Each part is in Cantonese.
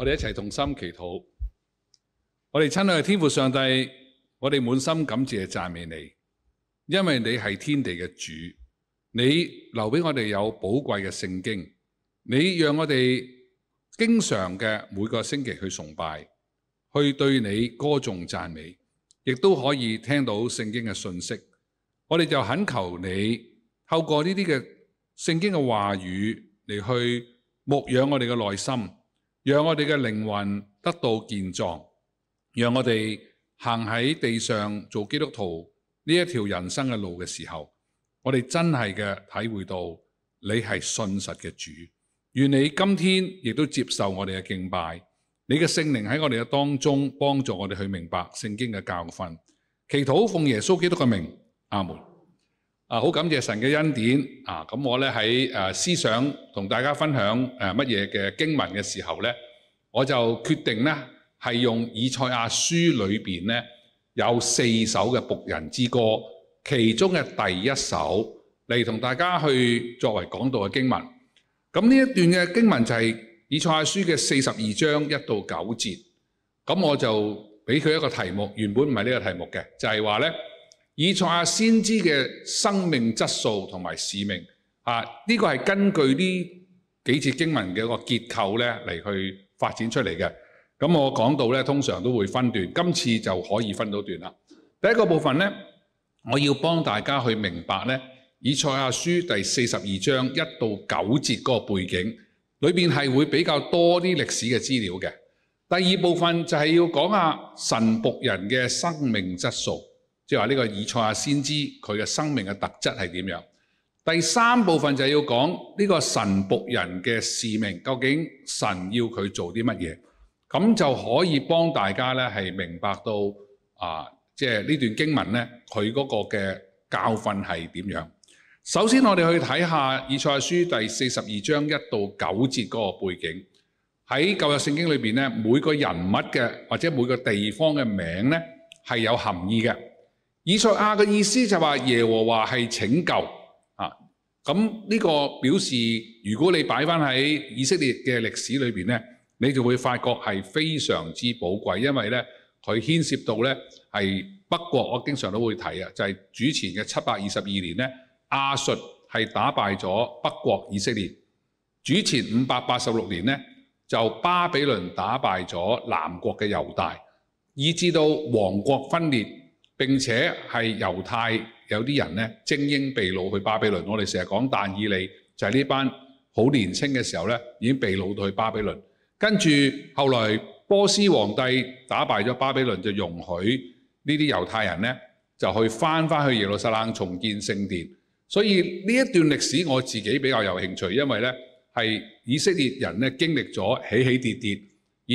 我哋一齊同心祈禱，我哋親愛嘅天父上帝，我哋滿心感謝讚美你，因為你係天地嘅主，你留畀我哋有寶貴嘅聖經，你讓我哋經常嘅每個星期去崇拜，去對你歌頌讚美，亦都可以聽到聖經嘅信息。我哋就懇求你，透過呢啲嘅聖經嘅話語嚟去牧養我哋嘅內心。讓我哋嘅靈魂得到健壯，讓我哋行喺地上做基督徒呢一條人生嘅路嘅時候，我哋真係嘅體會到你係信實嘅主。願你今天亦都接受我哋嘅敬拜，你嘅聖靈喺我哋嘅當中幫助我哋去明白聖經嘅教訓。祈禱奉耶穌基督嘅名，阿門。啊！好感謝神嘅恩典啊！咁我呢，喺、啊、思想同大家分享乜嘢嘅經文嘅時候呢，我就決定呢係用以賽亞書裏面呢有四首嘅僕人之歌，其中嘅第一首嚟同大家去作為講道嘅經文。咁呢一段嘅經文就係以賽亞書嘅四十二章一到九節。咁我就俾佢一個題目，原本唔係呢個題目嘅，就係、是、話呢。以賽亞先知嘅生命質素同埋使命，啊，呢個係根據呢幾節經文嘅一個結構呢嚟去發展出嚟嘅。咁我講到呢，通常都會分段，今次就可以分到段啦。第一個部分呢，我要幫大家去明白呢，以賽亞書第四十二章一到九節嗰個背景，裏面係會比較多啲歷史嘅資料嘅。第二部分就係要講啊神僕人嘅生命質素。即係話呢個以賽亞先知佢嘅生命嘅特質係點樣？第三部分就係要講呢個神僕人嘅使命，究竟神要佢做啲乜嘢？咁就可以幫大家咧係明白到啊，即係呢段經文咧，佢嗰個嘅教訓係點樣？首先我哋去睇下以賽亞書第四十二章一到九節嗰個背景。喺舊約聖經裏邊咧，每個人物嘅或者每個地方嘅名咧係有含義嘅。以賽亞嘅意思就話耶和華係拯救啊！咁呢個表示，如果你擺翻喺以色列嘅歷史裏邊呢，你就會發覺係非常之寶貴，因為呢，佢牽涉到呢係北國，我經常都會睇啊，就係主前嘅七百二十二年呢，亞述係打敗咗北國以色列；主前五百八十六年呢，就巴比倫打敗咗南國嘅猶大，以致到王國分裂。並且係猶太有啲人呢，精英被擄去巴比倫，我哋成日講但以理就係呢班好年輕嘅時候呢，已經被擄到去巴比倫，跟住後來波斯皇帝打敗咗巴比倫，就容許呢啲猶太人呢，就去翻翻去耶路撒冷重建聖殿。所以呢一段歷史我自己比較有興趣，因為呢係以色列人呢經歷咗起起跌跌，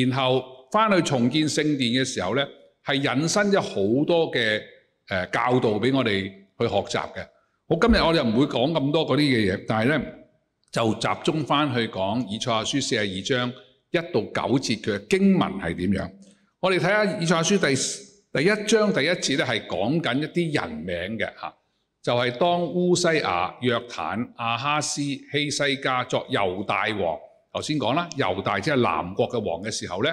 然後翻去重建聖殿嘅時候呢。係引申咗好多嘅誒教導俾我哋去學習嘅。我今日，我哋唔會講咁多嗰啲嘅嘢，但係呢就集中翻去講以賽亞書四十二章一到九節嘅經文係點樣？我哋睇下以賽亞書第第一章第一節呢係講緊一啲人名嘅就係、是、當烏西亞、約坦、亞哈斯、希西家作猶大王。頭先講啦，猶大即係南國嘅王嘅時候呢。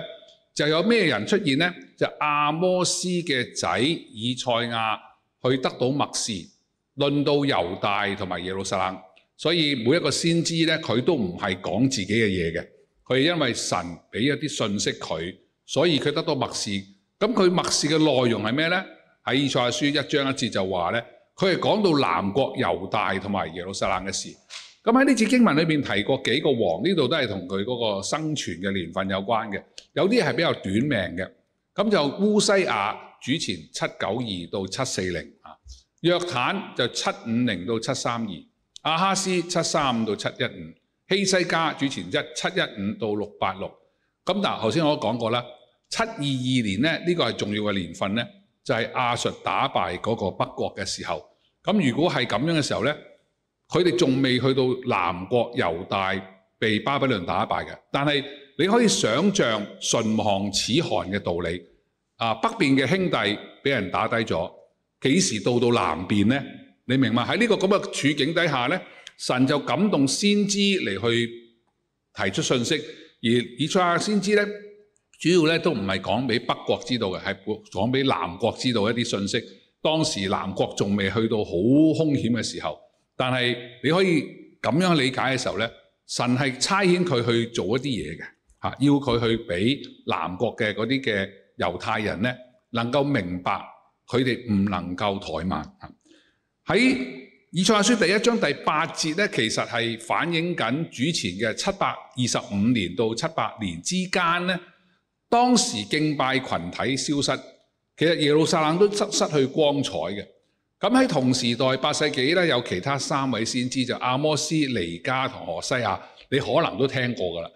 就有咩人出現呢？就是、阿摩斯嘅仔以賽亞去得到默示。論到猶大同埋耶路撒冷，所以每一個先知咧，佢都唔係講自己嘅嘢嘅。佢係因為神俾一啲信息佢，所以佢得到默示。咁佢默示嘅內容係咩呢？喺以賽亞書一章一節就話咧，佢係講到南國猶大同埋耶路撒冷嘅事。咁喺呢次經文裏面提過幾個王，呢度都係同佢嗰個生存嘅年份有關嘅。有啲係比較短命嘅，咁就烏西亞主前七九二到七四零啊，約坦就七五零到七三二，亞哈斯七三五到七一五，希西家主前一七一五到六八六。咁嗱，頭先我都講過啦，七二二年呢，呢、呢個係重要嘅年份呢，就係亞述打敗嗰個北國嘅時候。咁如果係咁樣嘅時候呢？佢哋仲未去到南國猶大被巴比倫打敗嘅，但係你可以想像唇亡齒寒嘅道理啊！北邊嘅兄弟俾人打低咗，幾時到到南邊呢？你明白嗎？喺呢個咁嘅處境底下呢，神就感動先知嚟去提出信息，而以賽亞先知呢，主要呢都唔係講俾北國知道嘅，係講俾南國知道一啲信息。當時南國仲未去到好凶險嘅時候。但係你可以咁樣理解嘅時候咧，神係差遣佢去做一啲嘢嘅嚇，要佢去俾南國嘅嗰啲嘅猶太人咧，能夠明白佢哋唔能夠怠慢。喺以賽亞書第一章第八節咧，其實係反映緊主前嘅七百二十五年到七百年之間咧，當時敬拜群體消失，其實耶路撒冷都失失去光彩嘅。咁喺同時代八世紀呢，有其他三位先知就阿摩斯、尼加同何西亞，你可能都聽過㗎喇。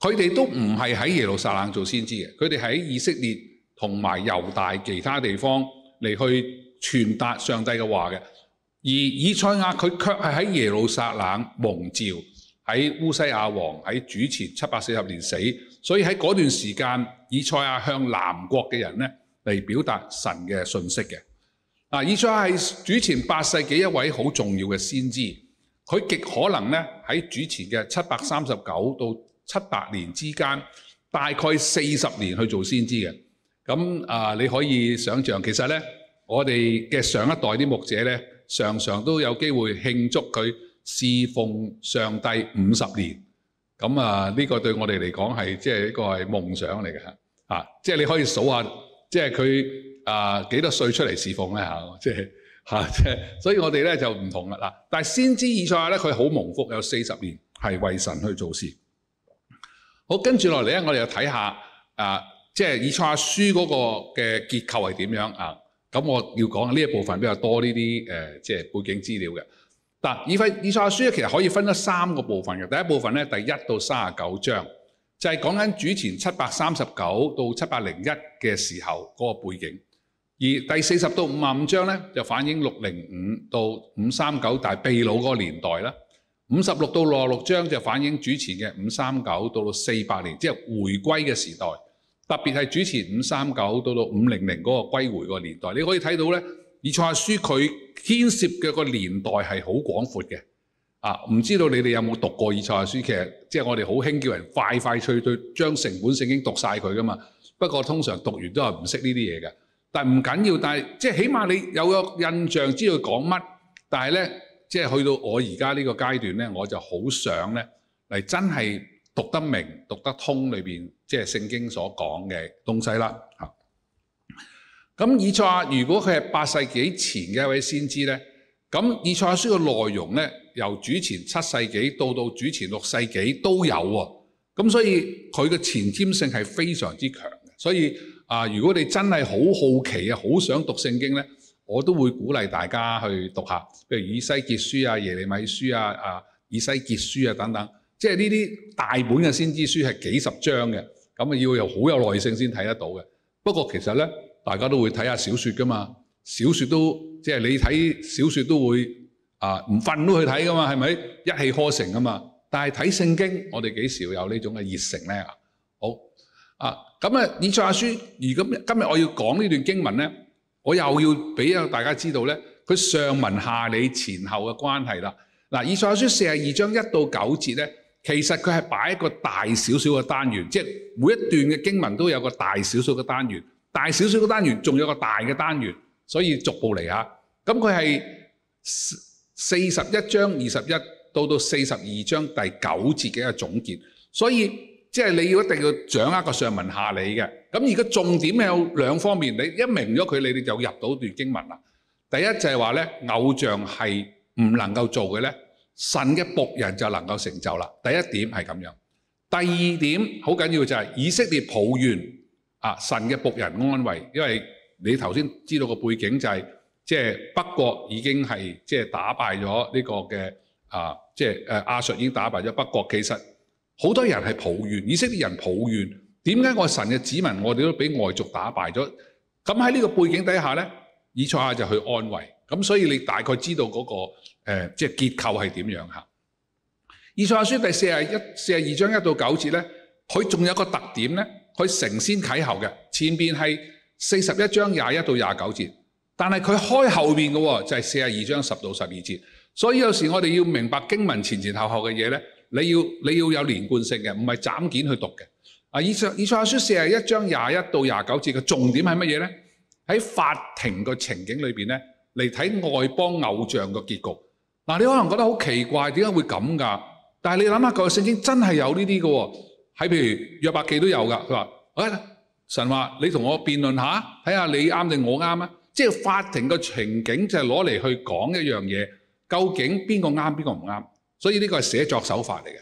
佢哋都唔係喺耶路撒冷做先知嘅，佢哋喺以色列同埋猶大其他地方嚟去傳達上帝嘅話嘅。而以賽亞佢卻係喺耶路撒冷蒙召，喺烏西亞王喺主前七百四十年死，所以喺嗰段時間，以賽亞向南國嘅人呢，嚟表達神嘅信息嘅。啊！以賽亞係主前八世紀一位好重要嘅先知，佢極可能咧喺主前嘅七百三十九到七百年之間，大概四十年去做先知嘅。咁啊，你可以想象，其實咧，我哋嘅上一代啲牧者咧，常常都有機會慶祝佢侍奉上帝五十年。咁啊，呢個對我哋嚟講係即係一個係夢想嚟嘅吓。啊，即係你可以數下，即係佢。啊，幾多歲出嚟侍奉咧嚇？即係嚇，即係，所以我哋咧就唔同啦。但係先知以賽亞咧，佢好蒙福，有四十年係為神去做事。好，跟住落嚟咧，我哋又睇下啊，即係以賽亞書嗰個嘅結構係點樣啊？咁我要講呢一部分比較多呢啲誒，即係背景資料嘅。嗱，以賽以賽亞書咧，其實可以分咗三個部分嘅。第一部分咧，第一到卅九章就係講緊主前七百三十九到七百零一嘅時候嗰個背景。而第四十到五十五章呢，就反映六零五到五三九大秘魯嗰個年代啦。五十六到六十六章就反映主前嘅五三九到到四百年，即係回歸嘅時代。特別係主前五三九到到五零零嗰個歸回個年代。你可以睇到呢，《以賽亞書》佢牽涉嘅個年代係好廣闊嘅。啊，唔知道你哋有冇讀過《以賽亞書》？其實即係我哋好興叫人快快脆脆將成本聖經讀晒佢噶嘛。不過通常讀完都係唔識呢啲嘢嘅。但唔緊要，但係即係起碼你有個印象，知道佢講乜。但係咧，即係去到我而家呢個階段咧，我就好想咧嚟真係讀得明、讀得通裏面，即係聖經所講嘅東西啦。嚇！咁以賽亞如果佢係八世紀前嘅一位先知咧，咁以賽亞書嘅內容咧，由主前七世紀到到主前六世紀都有喎。咁所以佢嘅前瞻性係非常之強嘅，所以。啊！如果你真係好好奇啊，好想讀聖經呢，我都會鼓勵大家去讀下，譬如以西結書啊、耶利米書啊、啊以西結書啊等等，即係呢啲大本嘅先知書係幾十章嘅，咁啊要有好有耐性先睇得到嘅。不過其實呢，大家都會睇下小説噶嘛，小説都即係你睇小説都會啊唔瞓都去睇噶嘛，係咪一氣呵成㗎嘛？但係睇聖經，我哋幾時有呢種嘅熱誠呢？啊，咁啊，以賽亞書，如果今日我要講呢段經文呢，我又要俾大家知道呢，佢上文下理前後嘅關係啦。嗱、啊，以賽亞書四十二章一到九節呢，其實佢係擺一個大少少嘅單元，即係每一段嘅經文都有個大少少嘅單元，大少少嘅單元仲有個大嘅單元，所以逐步嚟下。咁佢係四十一章二十一到到四十二章第九節嘅一個總結，所以。即係你要一定要掌握個上文下理嘅，咁而家重點有兩方面，你一明咗佢，你哋就入到一段經文啦。第一就係話咧，偶像係唔能夠做嘅咧，神嘅僕人就能夠成就啦。第一點係咁樣。第二點好緊要就係以色列抱怨啊，神嘅僕人安慰，因為你頭先知道個背景就係即係北國已經係即係打敗咗呢個嘅啊，即係亞述已經打敗咗北國，其實。好多人係抱怨，以色列人抱怨點解我神嘅子民我哋都俾外族打敗咗？咁喺呢個背景底下咧，以賽亞就去安慰。咁所以你大概知道嗰個，呃，即係結構係點樣吓？以賽亞書第四十一、四十二章一到九節咧，佢仲有個特點咧，佢承先啟後嘅。前面係四十一章廿一到廿九節，但係佢開後邊嘅就係四十二章十到十二節。所以有時我哋要明白經文前前後後嘅嘢咧。你要你要有連貫性嘅，唔係斬件去讀嘅。以賽以賽亞書四十一章廿一到廿九節嘅重點係乜嘢呢？喺法庭個情景裏面呢，嚟睇外邦偶像個結局。嗱，你可能覺得好奇怪，點解會咁㗎？但係你諗下，個聖經真係有呢啲㗎喎，喺譬如約伯記都有㗎。佢話：哎，神話你同我辯論下，睇下你啱定我啱啊！即係法庭個情景就係攞嚟去講一樣嘢，究竟邊個啱，邊個唔啱？所以呢個係寫作手法嚟嘅。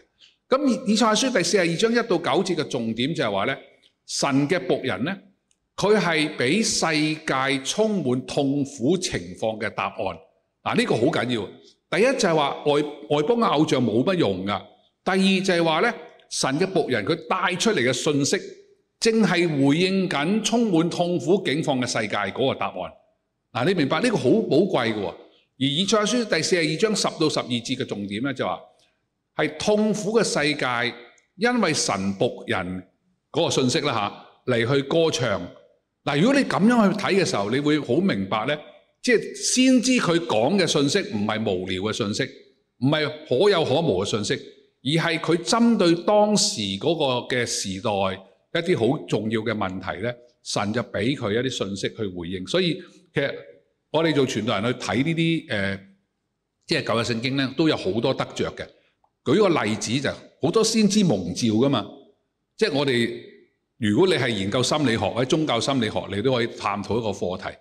咁《以賽亞書》第四十二章一到九節嘅重點就係話神嘅僕人呢，佢係俾世界充滿痛苦情況嘅答案。嗱，呢個好緊要。第一就係話外外邦嘅偶像冇乜用㗎。第二就係話神嘅僕人佢帶出嚟嘅信息，正係回應緊充滿痛苦境況嘅世界嗰個答案。嗱，你明白呢個好寶貴㗎喎。而以賽亞書第四十二章十到十二節嘅重點呢、就是，就話係痛苦嘅世界，因為神僕人嗰個信息來嚟去歌唱。但如果你噉樣去睇嘅時候，你會好明白呢，即係先知佢講嘅信息唔係無聊嘅信息，唔係可有可無嘅信息，而係佢針對當時嗰個嘅時代一啲好重要嘅問題呢，神就畀佢一啲信息去回應。所以其實，我哋做傳道人去睇、呃、呢啲即係舊約聖經咧，都有好多得着嘅。舉個例子就是，好多先知蒙召噶嘛，即係我哋如果你係研究心理學或者宗教心理學，你都可以探討一個課題：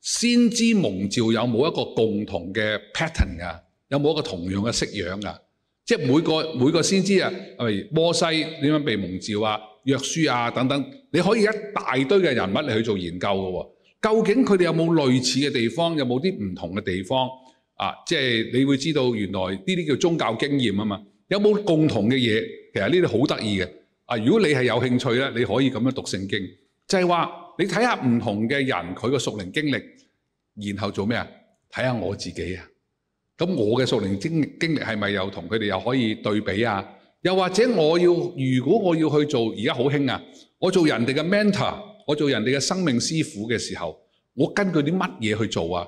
先知蒙召有冇一個共同嘅 pattern 㗎、啊？有冇一個同樣嘅式樣㗎？即係每個每個先知啊，例如摩西點樣被蒙召啊、約書亞、啊、等等，你可以一大堆嘅人物嚟去做研究㗎喎、啊。究竟佢哋有冇類似嘅地方，有冇啲唔同嘅地方啊？即係你會知道原來呢啲叫宗教經驗啊嘛。有冇共同嘅嘢？其實呢啲好得意嘅。啊，如果你係有興趣咧，你可以咁樣讀聖經，就係話你睇下唔同嘅人佢個屬靈經歷，然後做咩啊？睇下我自己啊。咁我嘅屬靈經經歷係咪又同佢哋又可以對比啊？又或者我要如果我要去做而家好興啊，我做人哋嘅 mentor。我做人哋嘅生命師傅嘅時候，我根據啲乜嘢去做啊？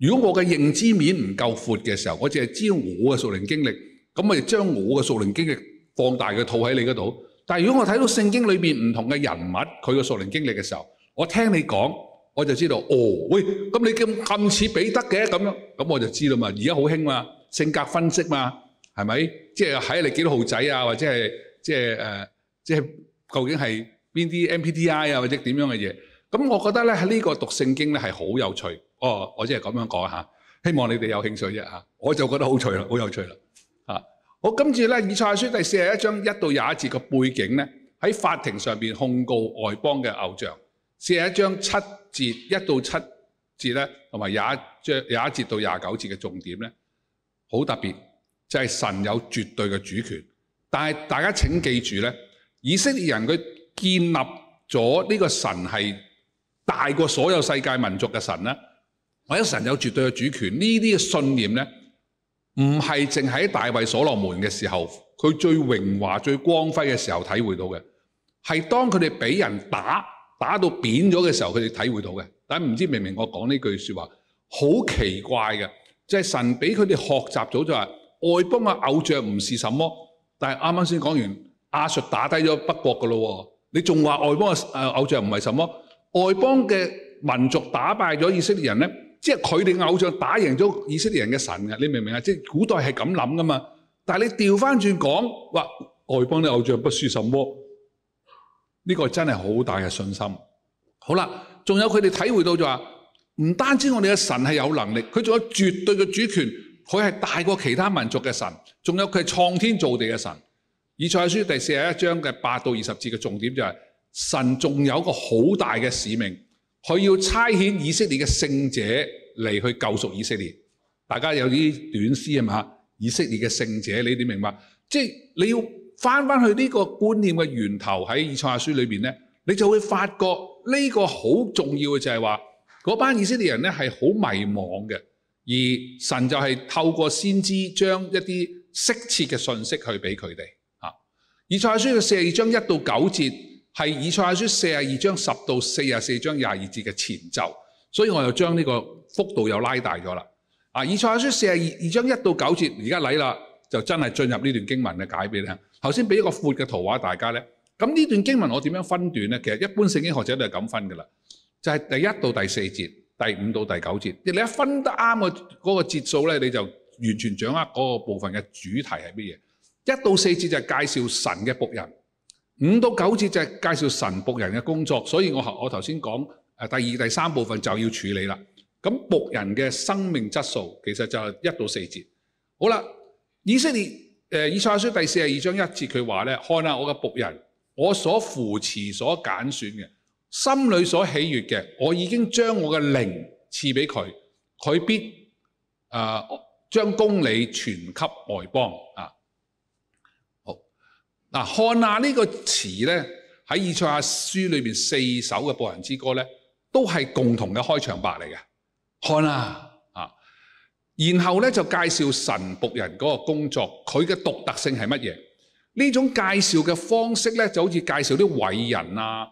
如果我嘅認知面唔夠闊嘅時候，我淨係知道我嘅屬靈經歷，咁我就將我嘅屬靈經歷放大佢套喺你嗰度。但係如果我睇到聖經裏邊唔同嘅人物佢嘅屬靈經歷嘅時候，我聽你講，我就知道哦，喂，咁你咁咁似彼得嘅咁，咁我就知道嘛。而家好興嘛，性格分析嘛，係咪？即係睇你幾多號仔啊，或者係即係誒，即係、呃、究竟係。邊啲 MPTI 啊，或者點樣嘅嘢？咁我覺得咧喺呢個讀聖經咧係好有趣。哦，我只係咁樣講下，希望你哋有興趣啫嚇。我就覺得好趣啦、啊，好有趣啦。我今次咧以賽亞書第四十一章一到廿一節嘅背景咧，喺法庭上面控告外邦嘅偶像。四十一章七節一到七節咧，同埋廿一章廿一節到廿九節嘅重點咧，好特別，就係神有絕對嘅主權。但係大家請記住咧，以色列人佢，建立咗呢個神係大過所有世界民族嘅神啦，或者神有絕對嘅主權呢啲嘅信念咧，唔係淨喺大衛所羅門嘅時候，佢最榮華最光輝嘅時候體會到嘅，係當佢哋俾人打打到扁咗嘅時候，佢哋體會到嘅。但係唔知明明我講呢句説話好奇怪嘅，即、就、係、是、神俾佢哋學習咗就話外邦嘅、啊、偶像唔係什麼，但係啱啱先講完亞述打低咗北國噶咯喎。你仲話外邦嘅誒偶像唔係什麼？外邦嘅民族打敗咗以色列人呢？即係佢哋偶像打贏咗以色列人嘅神嘅，你明唔明啊？即係古代係咁諗㗎嘛？但你調返轉講話外邦啲偶像不輸什麼？呢、呢個真係好大嘅信心。好啦，仲有佢哋體會到就話，唔單止我哋嘅神係有能力，佢仲有絕對嘅主權，佢係大過其他民族嘅神，仲有佢係創天造地嘅神。以賽亞書第四十一章嘅八到二十節嘅重點就係、是、神仲有一個好大嘅使命，佢要差遣以色列嘅聖者嚟去救贖以色列。大家有啲短思啊嘛，以色列嘅聖者，你點明白？即係你要翻返去呢個觀念嘅源頭喺以賽亞書裏面呢，你就會發覺呢個好重要嘅就係話嗰班以色列人呢係好迷茫嘅，而神就係透過先知將一啲適切嘅信息去俾佢哋。以賽亞書嘅四十二章一到九節係以賽亞書四十二章十到四十四章廿二節嘅前奏，所以我又將呢個幅度又拉大咗啦。以賽亞書四十二章一到九節，而家嚟啦，就真係進入呢段經文嘅解説啦。頭先畀一個闊嘅圖畫大家呢。咁呢段經文我點樣分段呢？其實一般聖經學者都係咁分嘅啦，就係第一到第四節，第五到第九節。你一分得啱嘅嗰個節數呢，你就完全掌握嗰個部分嘅主題係乜嘢。一到四節就係介紹神嘅僕人，五到九節就係介紹神僕人嘅工作，所以我我頭先講第二第三部分就要處理啦。咁僕人嘅生命質素其實就係一到四節。好啦，以色列以賽亞書第四十二章一節佢話咧：看下我嘅僕人，我所扶持所揀選嘅，心裏所喜悅嘅，我已經將我嘅靈賜俾佢，佢必誒將、呃、公理傳給外邦啊。看、啊、下呢個詞呢喺以賽亞書裏面四首嘅僕人之歌呢都係共同嘅開場白嚟嘅，看啊啊，然後呢就介紹神僕人嗰個工作，佢嘅獨特性係乜嘢？呢種介紹嘅方式呢，就好似介紹啲偉人啊、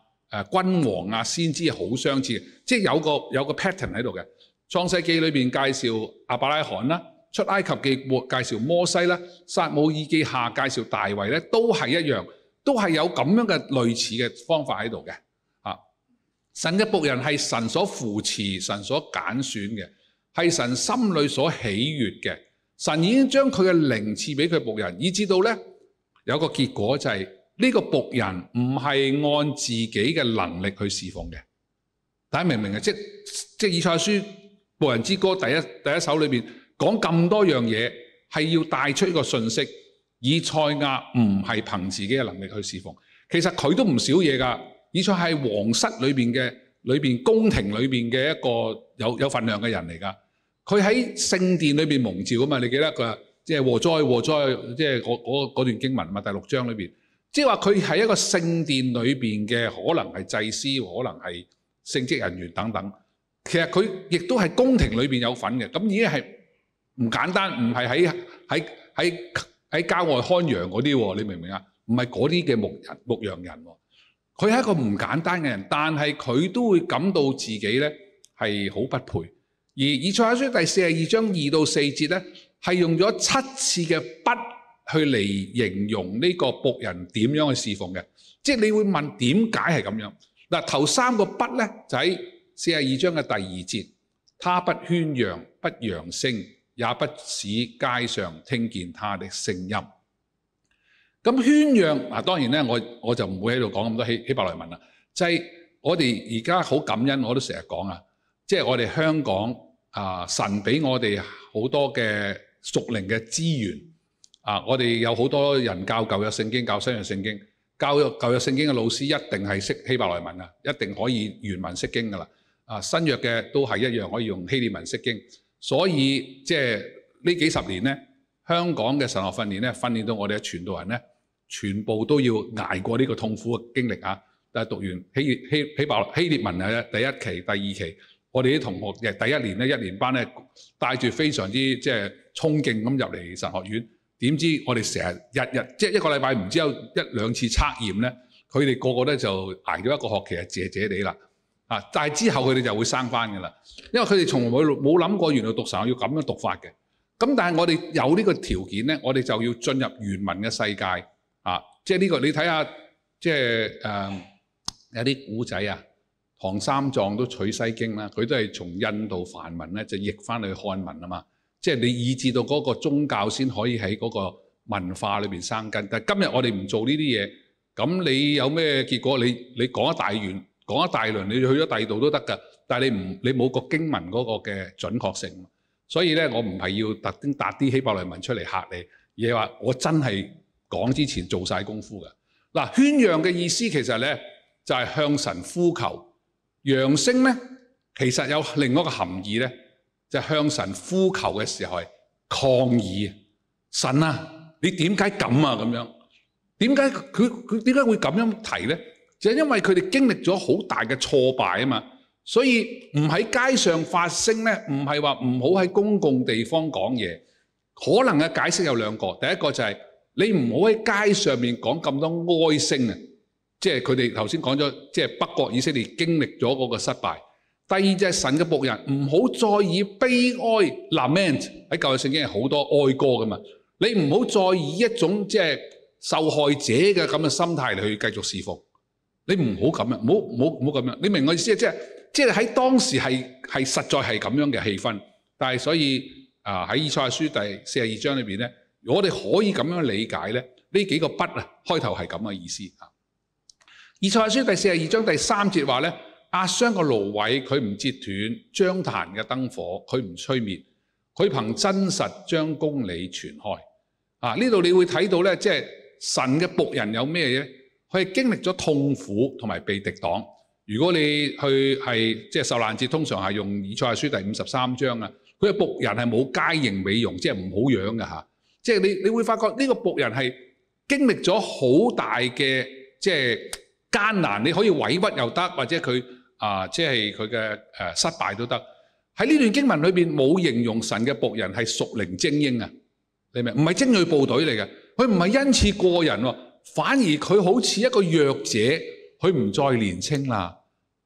君王啊、先知好相似，即係有個有個 pattern 喺度嘅。創世記裏面介紹亞伯拉罕啦。出埃及記介紹摩西咧，撒母耳記下介紹大衛咧，都係一樣，都係有咁樣嘅類似嘅方法喺度嘅。啊，神嘅僕人係神所扶持、神所揀選嘅，係神心裏所喜悅嘅。神已經將佢嘅靈賜俾佢僕人，以至到咧有個結果就係呢個僕人唔係按自己嘅能力去侍奉嘅。大家明唔明啊？即即以賽書僕人之歌第一第一首裏邊。講咁多樣嘢係要帶出一個訊息，以賽亞唔係憑自己嘅能力去侍奉，其實佢都唔少嘢㗎。以賽係皇室裏面嘅裏面宮廷裏面嘅一個有有份量嘅人嚟㗎。佢喺聖殿裏面蒙召啊嘛，你記得佢即係禍哉禍哉，即係嗰嗰段經文嘛，第六章裏面，即係話佢係一個聖殿裏面嘅可能係祭司，可能係聖職人員等等。其實佢亦都係宮廷裏面有份嘅，咁已經係。唔簡單，唔係喺喺喺喺郊外看羊嗰啲喎，你明唔明啊？唔係嗰啲嘅牧人牧羊人喎，佢係一個唔簡單嘅人，但係佢都會感到自己呢係好不配。而以賽亞書第四十二章二到四節呢，係用咗七次嘅不去嚟形容呢個僕人點樣去侍奉嘅。即係你會問點解係咁樣嗱？頭三個不呢，就喺四十二章嘅第二節，他不喧嚷，不揚聲。也不使街上聽見他的聲音。咁圈揚嗱、啊，當然咧，我我就唔會喺度講咁多希希伯來文啦。即係我哋而家好感恩，我都成日講啊，即係我哋香港啊，神俾我哋好多嘅屬靈嘅資源啊。我哋有好多人教舊約聖經、教新約聖經，教舊約聖經嘅老師一定係識希伯來文啊，一定可以原文釋經噶啦。啊，新約嘅都係一樣可以用希臘文釋經。所以即係呢幾十年呢，香港嘅神學訓練咧，訓練到我哋一全道人呢，全部都要挨過呢個痛苦嘅經歷啊！誒，讀完希希希伯來文第一期、第二期，我哋啲同學第一年咧，一年班呢，帶住非常之即係衝勁咁入嚟神學院，點知我哋成日日日即係一個禮拜唔知有一兩次測驗呢，佢哋個個咧就挨咗一個學期就謝謝哋啦。啊！但係之後佢哋就會生翻嘅啦，因為佢哋從來冇冇諗過原來讀神要咁樣讀法嘅。咁但係我哋有呢個條件咧，我哋就要進入原文嘅世界啊！即係呢個你睇下，即係誒有啲古仔啊，唐三藏都取西經啦，佢都係從印度梵文咧就譯翻嚟漢文啊嘛。即係你以至到嗰個宗教先可以喺嗰個文化裏面生根。但今日我哋唔做呢啲嘢，咁你有咩結果？你你講一大段。講一大輪，你去咗第二度都得噶，但係你唔你冇個經文嗰個嘅準確性，所以咧我唔係要特登打啲希伯來文出嚟嚇你，而係話我真係講之前做晒功夫㗎。嗱，圈揚嘅意思其實咧就係、是、向神呼求，揚聲咧其實有另外一個含義咧，就係、是、向神呼求嘅時候係抗議神啊，你點解咁啊？咁樣點解佢佢點解會咁樣提咧？就是因為佢哋經歷咗好大嘅挫敗吖嘛，所以唔喺街上發聲呢，唔係話唔好喺公共地方講嘢。可能嘅解釋有兩個，第一個就係你唔好喺街上面講咁多哀聲啊，即係佢哋頭先講咗，即係北國以色列經歷咗嗰個失敗。第二就係神嘅僕人唔好再以悲哀、lament 喺舊約聖經係好多哀歌噶嘛，你唔好再以一種即係受害者嘅咁嘅心態嚟去繼續侍奉。你唔好咁樣，唔好唔好咁樣。你明我意思嗎？即係即係喺當時係實在係咁樣嘅氣氛。但係所以啊，喺《以賽亞書》第四十二章裏面呢，我哋可以咁樣理解呢呢幾個不啊，開頭係咁嘅意思啊。《以賽亞書》第四十二章第三節話呢，壓傷嘅蘆葦佢唔折斷，將殘嘅燈火佢唔吹滅，佢憑真實將公理傳開。啊，呢度你會睇到呢，即係神嘅僕人有咩嘢？佢係經歷咗痛苦同埋被敵擋。如果你去係即係受難節，通常係用以賽亞書第五十三章啊。佢嘅僕人係冇佳形美容，即係唔好樣嘅嚇。即、就、係、是、你，你會發覺呢個僕人係經歷咗好大嘅即係艱難。你可以委屈又得，或者佢啊，即係佢嘅失敗都得。喺呢段經文裏面冇形容神嘅僕人係屬靈精英啊。你明唔明？唔係精鋭部隊嚟嘅，佢唔係恩賜過人喎。反而佢好似一個弱者，佢唔再年輕啦。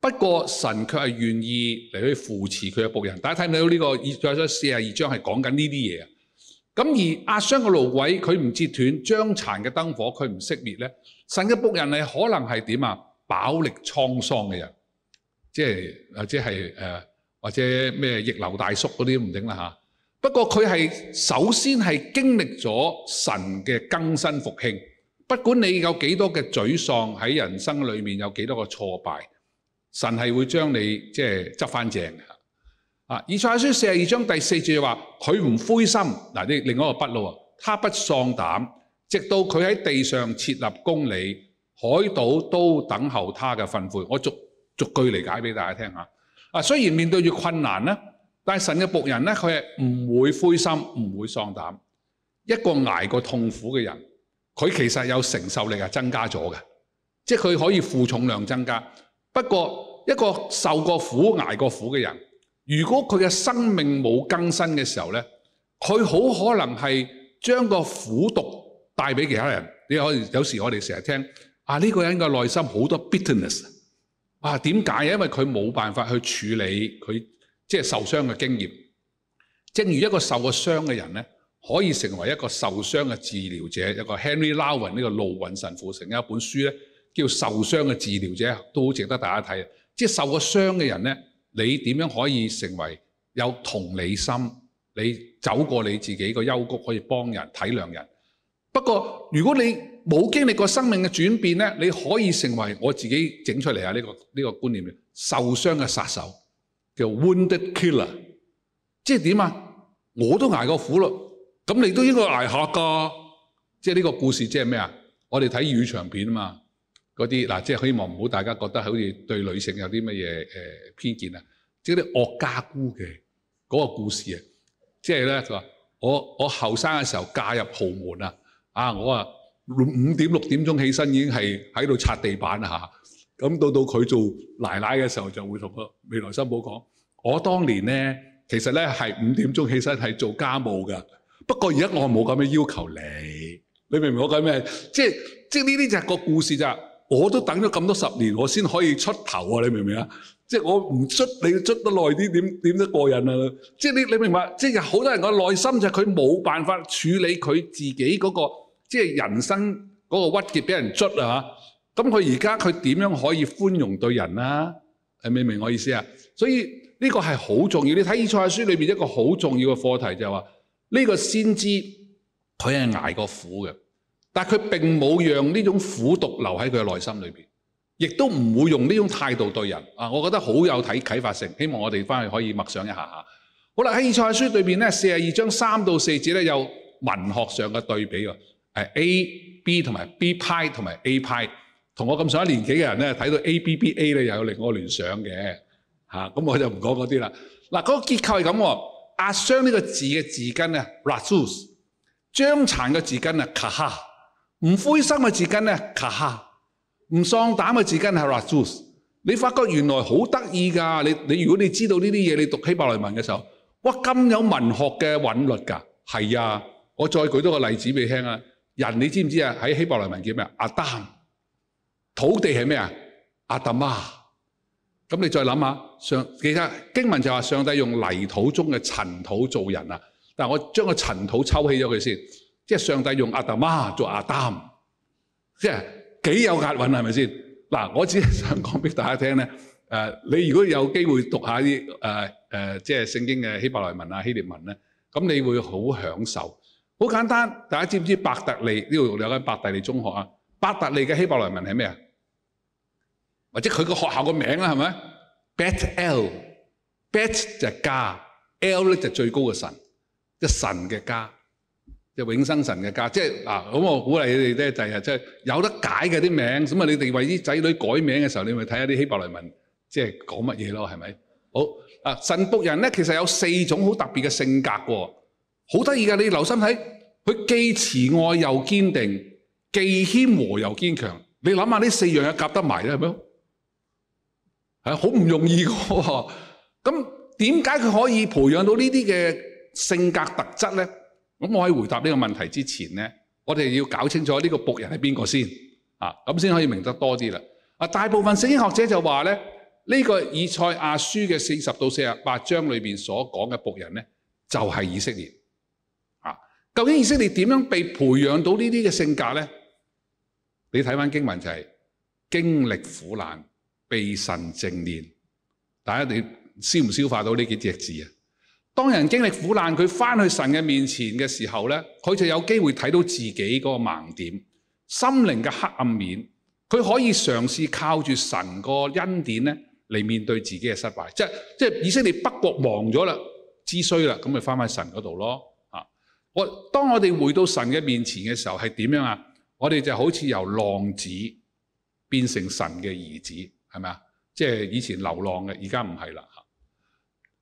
不過神卻係願意嚟去扶持佢嘅僕人。大家睇唔睇到呢、這個二再左四十二章係講緊呢啲嘢啊？咁而壓傷嘅蘆葦佢唔折斷，將殘嘅燈火佢唔熄滅咧。神嘅僕人係可能係點啊？飽歷滄桑嘅人，即係或者係、呃、或者咩逆流大叔嗰啲都唔定啦嚇。不過佢係首先係經歷咗神嘅更新復興。不管你有幾多嘅沮喪喺人生裏面，有幾多個挫敗，神係會將你即係執翻正嘅。啊，以賽書四十二章第四節話佢唔灰心，嗱、啊、呢另外一個不啊，他不喪膽，直到佢喺地上設立公理，海島都等候他嘅訓誨。我逐逐句嚟解俾大家聽下。啊，雖然面對住困難呢但係神嘅僕人呢佢係唔會灰心，唔會喪膽。一個挨過痛苦嘅人。佢其實有承受力係增加咗㗎，即係佢可以負重量增加。不過一個受過苦、捱過苦嘅人，如果佢嘅生命冇更新嘅時候呢，佢好可能係將個苦毒帶俾其他人。你可以有時我哋成日聽啊，呢個人嘅內心好多 bitterness。啊，點解啊？因為佢冇辦法去處理佢即係受傷嘅經驗。正如一個受過傷嘅人呢，可以成為一個受傷嘅治療者，一個 Henry Lowen 呢個路雲神父成嘅一本書咧，叫《受傷嘅治療者》，都好值得大家睇。即係受過傷嘅人咧，你點樣可以成為有同理心？你走過你自己個幽谷，可以幫人體諒人。不過如果你冇經歷過生命嘅轉變咧，你可以成為我自己整出嚟啊！呢個呢個觀念，受傷嘅殺手叫 Wounded Killer，即係點啊？我都捱過苦咯～咁你都應該挨學㗎，即係呢個故事即係咩啊？我哋睇粵語長片嘛，嗰啲嗱，即係希望唔好大家覺得好似對女性有啲乜嘢誒偏見啊，即係啲惡家姑嘅嗰個故事啊，即係咧就話我我後生嘅時候嫁入豪門啊，啊我啊五點六點鐘起身已經係喺度擦地板啦，吓，咁到到佢做奶奶嘅時候就會同個未來新抱講，我當年咧其實咧係五點鐘起身係做家務㗎。不過而家我冇咁嘅要求你，你明唔明我講咩？即係即係呢啲就係個故事咋，我都等咗咁多十年，我先可以出頭啊。你明唔明啊？即係我唔捽，你捽得耐啲，點點得過癮啊？即係你你明唔明啊？即係好多人個內心就佢冇辦法處理佢自己嗰、那個即係、就是、人生嗰個鬱結，俾人捽啊！咁佢而家佢點樣可以寬容對人啊？你明唔明我意思啊？所以呢個係好重要。你睇《以賽亞書》裏邊一個好重要嘅課題就係、是、話。呢個先知佢係捱過苦嘅，但他佢並冇讓呢種苦毒留喺佢嘅內心裏面，亦都唔會用呢種態度對人。啊，我覺得好有睇啟發性，希望我哋返去可以默想一下。好啦，喺《以賽書》裏面咧，四十二章三到四節有文學上嘅對比啊 A、B 同埋 B 派同埋 A 派。同我咁上一年紀嘅人呢，睇到 A、B、B、A 又有另外聯想嘅。那咁我就唔講嗰啲喇。嗱，嗰、嗰個結構係咁喎。阿商呢個字嘅字根呢 razus 張殘嘅字根 a 卡哈；唔灰心嘅字根 a 卡哈；唔喪膽嘅字根係 razus 你發覺原來好得意㗎！你你如果你知道呢啲嘢，你讀希伯來文嘅時候，哇咁有文學嘅韻律㗎！係啊，我再舉多個例子俾你聽啊。人你知唔知啊？喺希伯來文叫咩？亞當。土地係咩啊？亞當瑪。咁你再諗下，上其實經文就話上帝用泥土中嘅塵土做人啊，但我將個塵土抽起咗佢先，即係上帝用阿當媽做阿當，即係幾有押韻係咪先？嗱，我只係想講俾大家聽呢。誒、呃，你如果有機會讀一下啲誒、呃呃、即係聖經嘅希伯來文啊、希臘文呢，咁你會好享受。好簡單，大家知唔知伯特利呢度有間伯特利中學啊？伯特利嘅希伯來文係咩？或者佢個學校個名啦，係咪？Bet L，Bet 就家，L 呢就最高嘅神，即係神嘅家，即係永生神嘅家，即係啊，咁我鼓勵你哋咧，就係即係有得解嘅啲名。咁你哋為啲仔女改名嘅時候，你咪睇下啲希伯來文，即係講乜嘢囉，係咪？好啊，神僕人呢，其實有四種好特別嘅性格喎，好得意㗎。你留心睇，佢既慈愛又堅定，既謙和又堅強。你諗下呢四樣嘢夾得埋咧，係咪？好唔容易喎、哦。咁點解佢可以培養到呢啲嘅性格特質呢？咁我可以回答呢個問題之前呢，我哋要搞清楚呢個僕人係邊個先啊，咁先可以明得多啲啦。大部分聖經學者就話呢呢、這個以賽亞書嘅四十到四十八章裏面所講嘅僕人呢，就係、是、以色列啊。究竟以色列點樣被培養到呢啲嘅性格呢？你睇返經文就係、是、經歷苦難。被神正念，大家你消唔消化到呢幾隻字啊？當人經歷苦難，佢翻去神嘅面前嘅時候呢，佢就有機會睇到自己嗰個盲點、心靈嘅黑暗面。佢可以嘗試靠住神個恩典呢嚟面對自己嘅失敗。即係即係以色列北國亡咗啦，知衰啦，咁咪翻返神嗰度咯。啊，我當我哋回到神嘅面前嘅時候係點樣啊？我哋就好似由浪子變成神嘅兒子。係咪啊？即係以前流浪嘅，而家唔係啦。哈！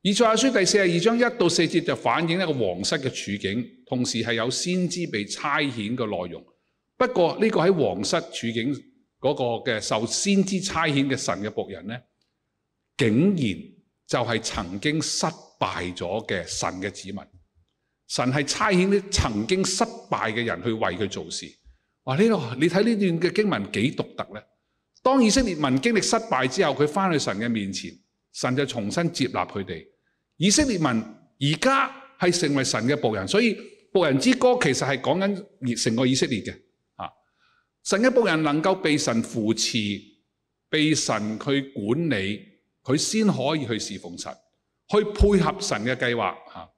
以賽亞書第四十二章一到四節就反映一個皇室嘅處境，同時係有先知被差遣嘅內容。不過呢個喺皇室處境嗰個嘅受先知差遣嘅神嘅僕人咧，竟然就係曾經失敗咗嘅神嘅子民。神係差遣啲曾經失敗嘅人去為佢做事。哇！呢你睇呢段嘅經文幾獨特咧？當以色列民經歷失敗之後，佢返去神嘅面前，神就重新接納佢哋。以色列民而家係成為神嘅僕人，所以僕人之歌其實係講緊成個以色列嘅。啊，神嘅僕人能夠被神扶持，被神去管理，佢先可以去侍奉神，去配合神嘅計劃。啊，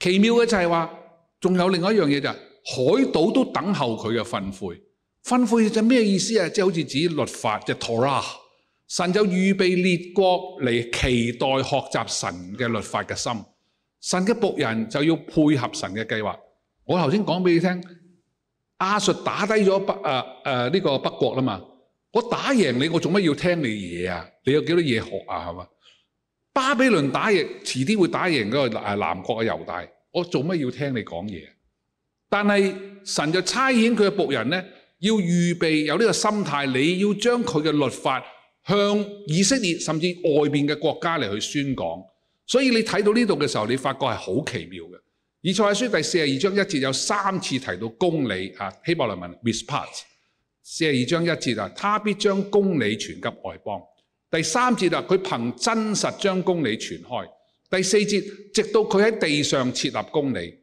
奇妙嘅就係話，仲有另外一樣嘢就係海島都等候佢嘅訓誨吩咐就咩意思啊？即係好似指律法，就《托拉》。神就預備列國嚟期待學習神嘅律法嘅心。神嘅僕人就要配合神嘅計劃。我頭先講俾你聽，亞述打低咗北誒誒呢個北國啦嘛。我打贏你，我做乜要聽你嘢啊？你有幾多嘢學啊？係嘛？巴比倫打贏，遲啲會打贏嗰個誒南國嘅猶大。我做乜要聽你講嘢？但係神就差遣佢嘅僕人咧。要預備有呢個心態，你要將佢嘅律法向以色列甚至外面嘅國家嚟去宣講。所以你睇到呢度嘅時候，你發覺係好奇妙嘅。以賽亞書第四十二章一節有三次提到公理啊，希伯來文 mispat。四十二章一節啊，他必將公理傳給外邦。第三節啊，佢憑真實將公理傳開。第四節，直到佢喺地上設立公理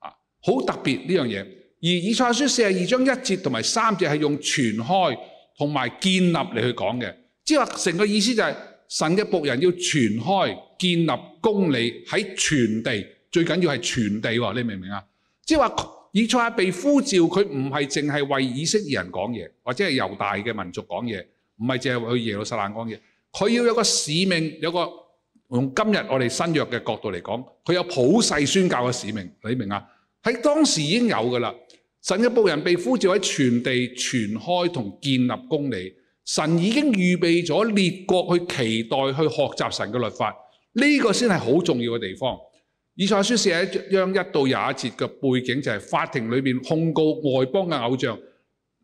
啊，好特別呢樣嘢。而以賽亞書四十二章一節同埋三節係用傳開同埋建立嚟去講嘅，即係成個意思就係神嘅僕人要傳開建立公理喺全，全地，最緊要係全地喎，你明唔明啊？即係話以賽亞被呼召，佢唔係淨係為以色列人講嘢，或者係猶大嘅民族講嘢，唔係淨係去耶路撒冷講嘢。佢要有個使命，有個用今日我哋新約嘅角度嚟講，佢有普世宣教嘅使命。你明啊？喺當時已經有㗎啦。神嘅僕人被呼召喺全地傳開同建立公理，神已經預備咗列國去期待去學習神嘅律法，呢、這個先係好重要嘅地方。以賽亞書寫喺一章一到廿一節嘅背景就係法庭裏面控告外邦嘅偶像，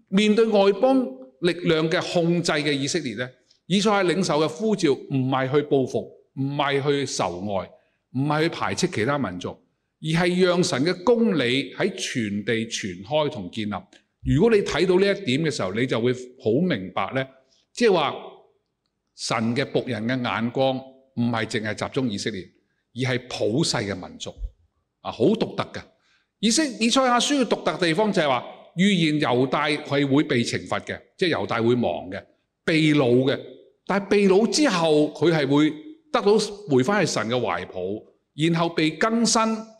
面對外邦力量嘅控制嘅以色列呢，以賽亞領袖嘅呼召唔係去報復，唔係去仇外，唔係去排斥其他民族。而係讓神嘅公理喺全地傳開同建立。如果你睇到呢一點嘅時候，你就會好明白呢，即係話神嘅僕人嘅眼光唔係淨係集中以色列，而係普世嘅民族啊，好獨特嘅。以賽亞書嘅獨特的地方就係話預言猶大係會被懲罰嘅，即係猶大會亡嘅，被擄嘅。但係被擄之後，佢係會得到回返去神嘅懷抱，然後被更新。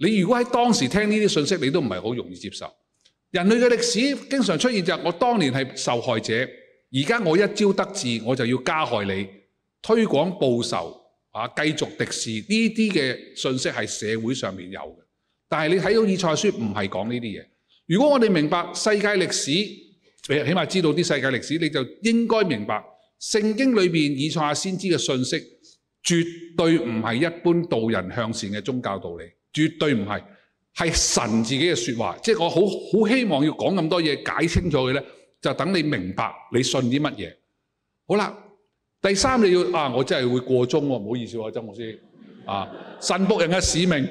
你如果喺當時聽呢啲信息，你都唔係好容易接受。人類嘅歷史經常出現就係我當年係受害者，而家我一朝得志，我就要加害你，推廣報仇啊，繼續敵視呢啲嘅信息係社會上面有嘅。但係你睇到以賽亞書唔係講呢啲嘢。如果我哋明白世界歷史，你起碼知道啲世界歷史，你就應該明白聖經裏面以賽亞先知嘅信息，絕對唔係一般道人向善嘅宗教道理。絕對唔係，係神自己嘅説話，即係我好好希望要講咁多嘢解清楚佢咧，就等你明白你信啲乜嘢。好啦，第三你要啊，我真係會過鐘喎、啊，唔好意思喎、啊，曾牧師啊，神僕人嘅使命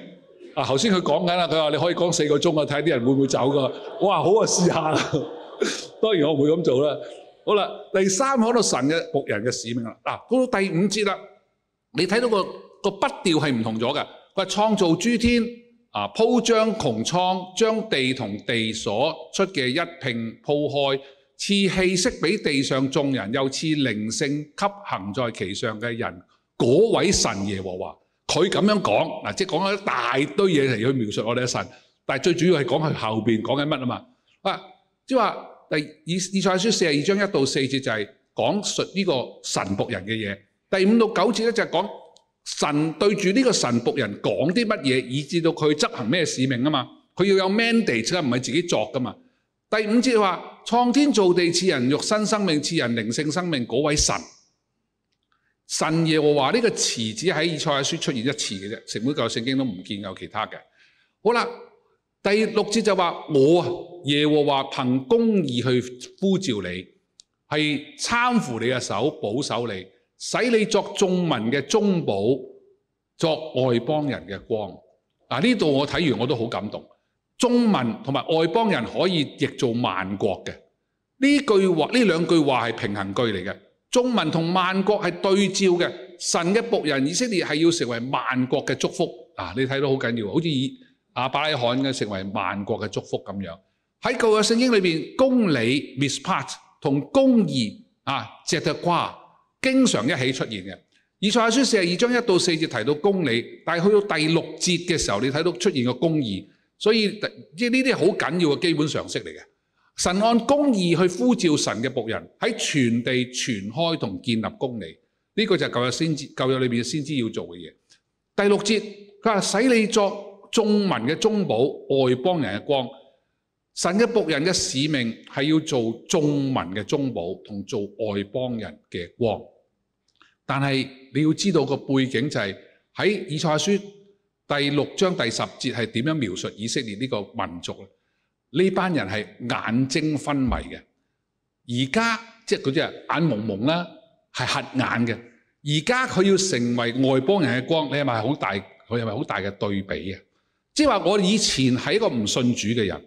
啊，頭先佢講緊啦，佢話你可以講四個鐘啊，睇下啲人會唔會走噶。我話好啊，試下。當然我唔會咁做啦。好啦，第三可到神嘅僕人嘅使命啦。嗱、啊，到到第五節啦，你睇到個個筆調係唔同咗嘅。佢創造諸天，啊，鋪張穹蒼，將地同地所出嘅一併鋪開，賜氣息俾地上眾人，又賜靈性給行在其上嘅人。嗰位神耶和華，佢咁樣講，即係講咗一大堆嘢嚟去描述我哋嘅神，但係最主要係講佢後面講緊乜啊嘛。啊，即係話第二，以賽亞書四十二章一到四節就係講述呢個神僕人嘅嘢，第五到九節呢，就係講。神對住呢個神僕人講啲乜嘢，以致到佢執行咩使命啊嘛？佢要有 mandate，唔係自己作㗎嘛。第五節話，創天造地似人，賜人肉身生命，賜人靈性生命，嗰位神。神耶和華呢、這個詞只喺《以賽亞書》出現一次嘅啫，成本舊聖經都唔見有其他嘅。好啦，第六節就話我耶和華憑公義去呼召你，係攙扶你嘅手，保守你。使你作眾民嘅中保，作外邦人嘅光。嗱、啊，呢度我睇完我都好感動。眾民同埋外邦人可以譯做萬國嘅呢句話，呢兩句話係平衡句嚟嘅。眾民同萬國係對照嘅。神嘅僕人以色列係要成為萬國嘅祝福。嗱、啊，你睇到好緊要，好似以亞伯拉罕嘅成為萬國嘅祝福咁樣，喺舊約聖經裏面，「公理 mishpat 同公義啊 z e d 經常一起出現嘅，《以賽亞書》四十二章一到四節提到公理，但去到第六節嘅時候，你睇到出現個公義，所以即係呢啲係好緊要嘅基本常識嚟嘅。神按公義去呼召神嘅僕人喺全地傳開同建立公理，呢、這個就係舊約裏面裏先知要做嘅嘢。第六節佢話：使你作眾民嘅中保，外邦人嘅光。神嘅僕人嘅使命係要做眾民嘅中保，同做外邦人嘅光。但係你要知道個背景就係、是、喺以賽亞書第六章第十節係點樣描述以色列呢個民族咧？呢班人係眼睛昏迷嘅，而家即係嗰啲人眼蒙蒙啦，係瞎眼嘅。而家佢要成為外邦人嘅光，你係咪好大？佢係咪好大嘅對比啊？即係話我以前係一個唔信主嘅人。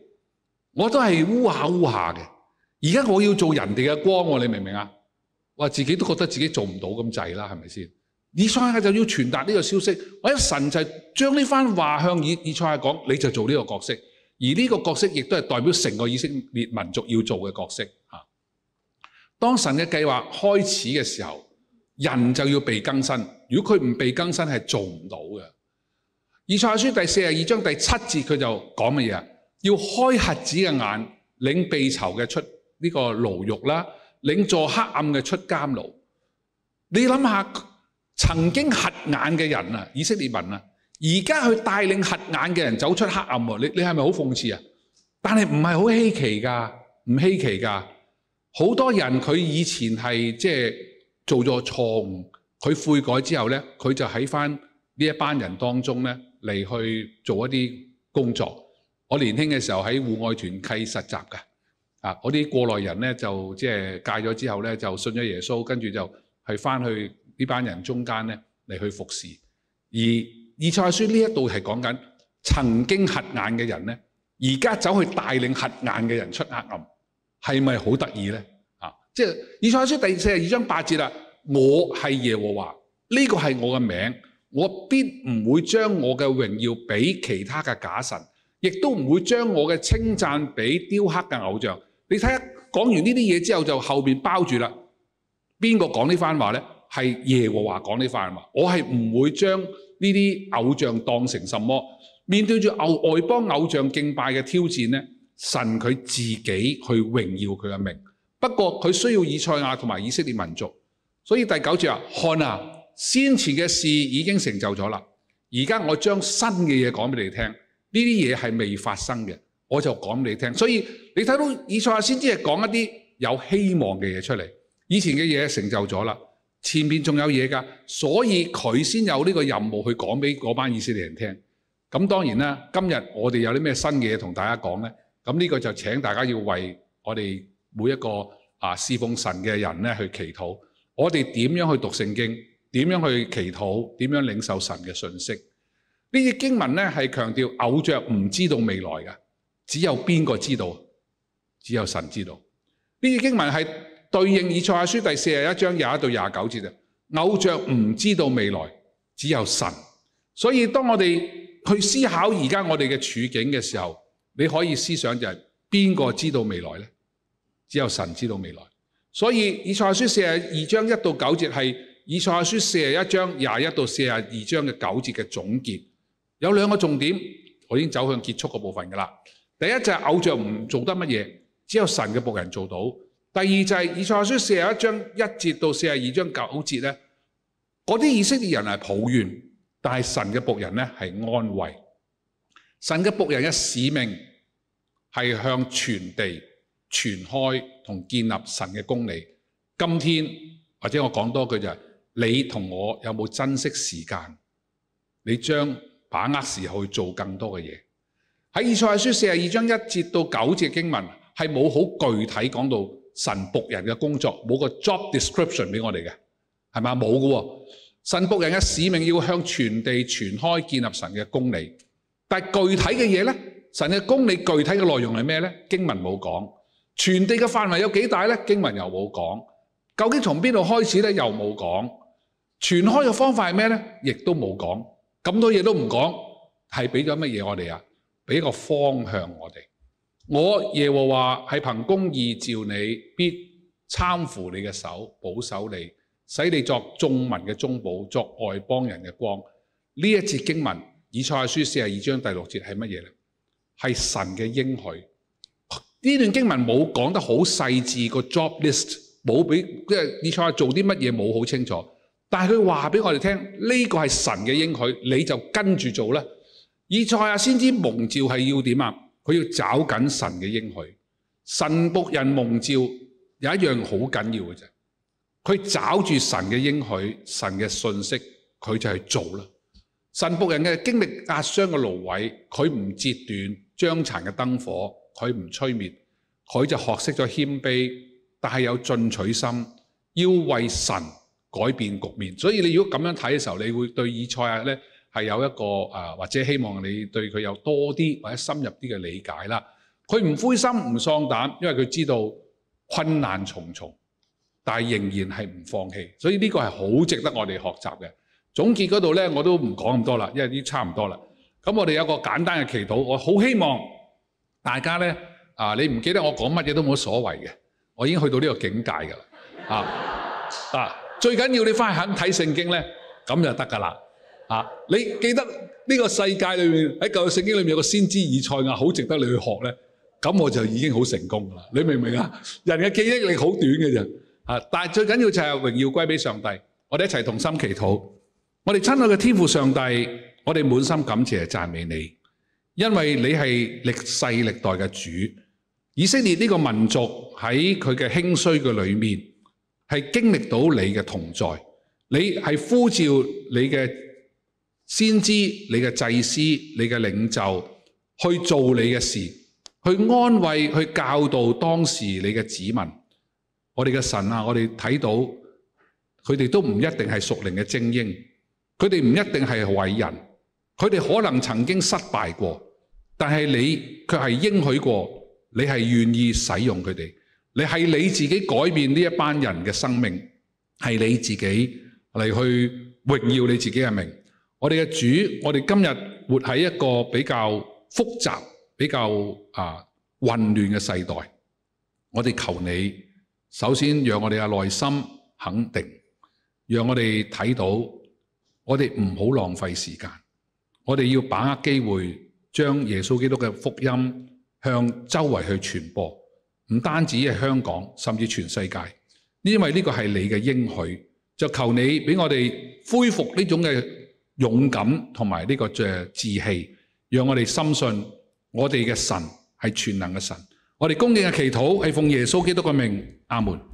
我都係烏下烏下嘅，而家我要做人哋嘅光，你明唔明啊？我自己都覺得自己做唔到咁滯啦，係咪先？以賽亞就要傳達呢個消息，或者神就係將呢番話向以以賽亞講，你就做呢個角色，而呢個角色亦都係代表成個以色列民族要做嘅角色。啊，當神嘅計劃開始嘅時候，人就要被更新。如果佢唔被更新，係做唔到嘅。以賽亞書第四十二章第七節佢就講乜嘢？要開瞎子嘅眼，領被囚嘅出呢個牢獄啦，領坐黑暗嘅出監牢。你諗下，曾經瞎眼嘅人啊，以色列民啊，而家去帶領瞎眼嘅人走出黑暗喎。你你係咪好諷刺啊？但係唔係好稀奇㗎，唔稀奇㗎。好多人佢以前係即係做咗錯誤，佢悔改之後呢，佢就喺返呢一班人當中呢嚟去做一啲工作。我年輕嘅時候喺戶外團契實習㗎，啊！啲過來人咧就即係戒咗之後咧就信咗耶穌，跟住就係翻去呢班人中間咧嚟去服侍。而以賽亞書呢一度係講緊曾經瞎眼嘅人咧，而家走去帶領瞎眼嘅人出黑暗，係咪好得意咧？啊！即係以賽亞書第四十二章八節啦，我係耶和華，呢、呢個係我嘅名，我必唔會將我嘅榮耀俾其他嘅假神。亦都唔會將我嘅稱讚俾雕刻嘅偶像，你看。你睇下，講完呢啲嘢之後，就後面包住啦。邊個講呢番話呢？係耶和華講呢番話。我係唔會將呢啲偶像當成什麼。面對住外邦偶像敬拜嘅挑戰咧，神佢自己去榮耀佢嘅名。不過佢需要以賽亞同埋以色列民族。所以第九節啊，看啊，先前嘅事已經成就咗啦。而家我將新嘅嘢講俾你聽。呢啲嘢係未發生嘅，我就講畀你聽。所以你睇到以賽亞先知係講一啲有希望嘅嘢出嚟，以前嘅嘢成就咗啦，前面仲有嘢㗎，所以佢先有呢個任務去講俾嗰班以色列人聽。咁當然啦，今日我哋有啲咩新嘢同大家講呢？咁呢個就請大家要為我哋每一個啊、侍奉神嘅人咧去祈禱。我哋點樣去讀聖經？點樣去祈禱？點樣領受神嘅信息？呢啲經文呢，係強調偶像唔知道未來㗎。只有邊個知道？只有神知道。呢啲經文係對應以賽亞書第四十一章廿一到廿九節，偶像唔知道未來，只有神。所以當我哋去思考而家我哋嘅處境嘅時候，你可以思想就係邊個知道未來呢？只有神知道未來。所以以賽亞書四十二章一到九節係以賽亞書四十一章廿一到四十二章嘅九節嘅總結。有兩個重點，我已經走向結束個部分㗎啦。第一就係偶像唔做得乜嘢，只有神嘅僕人做到。第二就係、是、以賽亞書四十一章一節到四十二章九節呢。嗰啲以色列人係抱怨，但係神嘅僕人呢係安慰。神嘅僕人嘅使命係向全地傳開同建立神嘅公義。今天或者我講多句就係，你同我有冇有珍惜時間？你將把握時候去做更多嘅嘢。喺以賽亞書四十二章一節到九節經文，係冇好具體講到神僕人嘅工作，冇個 job description 俾我哋嘅，係嘛？冇㗎喎。神僕人嘅使命要向全地傳開建立神嘅公理，但具體嘅嘢咧，神嘅公理具體嘅內容係咩咧？經文冇講。全地嘅範圍有幾大咧？經文又冇講。究竟從邊度開始咧？又冇講。傳開嘅方法係咩咧？亦都冇講。咁多嘢都唔講，係俾咗乜嘢我哋啊？俾一個方向我哋。我耶和華係憑公義召你，必攙扶你嘅手，保守你，使你作眾民嘅中保，作外邦人嘅光。呢一節經文，以賽亞書四十二章第六節係乜嘢咧？係神嘅應許。呢段經文冇講得好細緻個 job list，冇俾，即係以賽亞做啲乜嘢，冇好清楚。但係佢話俾我哋聽呢個係神嘅應許，你就跟住做啦。以賽亞先知蒙召係要點啊？佢要找緊神嘅應許。神僕人蒙召有一樣好緊要嘅啫，佢找住神嘅應許、神嘅信息，佢就去做啦。神僕人嘅經歷，壓傷嘅蘆葦，佢唔折斷，將殘嘅燈火，佢唔吹滅，佢就學識咗謙卑，但係有進取心，要為神改變局面，所以你如果咁樣睇嘅時候，你會對以賽亞呢係有一個啊，或者希望你對佢有多啲或者深入啲嘅理解啦。佢唔灰心唔喪膽，因為佢知道困難重重，但係仍然係唔放棄，所以呢個係好值得我哋學習嘅。總結嗰度呢，我都唔講咁多啦，因為啲差唔多啦。咁我哋有個簡單嘅祈禱，我好希望大家呢，啊，你唔記得我講乜嘢都冇所謂嘅，我已經去到呢個境界㗎啦啊！啊最緊要你返去肯睇聖經咧，咁就得噶啦。啊，你記得呢個世界裏面喺舊嘅聖經裏面有個先知以賽亞，好值得你去學咧。咁我就已經好成功噶啦。你明唔明啊？人嘅記憶力好短嘅啫。啊，但係最緊要就係榮耀歸俾上帝。我哋一齊同心祈禱。我哋親愛嘅天父上帝，我哋滿心感謝讚美你，因為你係歷世歷代嘅主。以色列呢個民族喺佢嘅興衰嘅裏面。係經歷到你嘅同在，你係呼召你嘅先知、你嘅祭司、你嘅領袖去做你嘅事，去安慰、去教導當時你嘅子民。我哋嘅神啊，我哋睇到佢哋都唔一定係屬靈嘅精英，佢哋唔一定係偉人，佢哋可能曾經失敗過，但係你卻係應許過，你係願意使用佢哋。你係你自己改變呢一班人嘅生命，係你自己嚟去榮耀你自己嘅命。我哋嘅主，我哋今日活喺一個比較複雜、比較啊混亂嘅世代。我哋求你，首先讓我哋嘅內心肯定，讓我哋睇到，我哋唔好浪費時間，我哋要把握機會，將耶穌基督嘅福音向周圍去傳播。唔單止係香港，甚至全世界，因為呢個係你嘅應許，就求你俾我哋恢復呢種嘅勇敢同埋呢個誒志氣，讓我哋深信我哋嘅神係全能嘅神，我哋恭敬嘅祈禱係奉耶穌基督嘅名。阿門。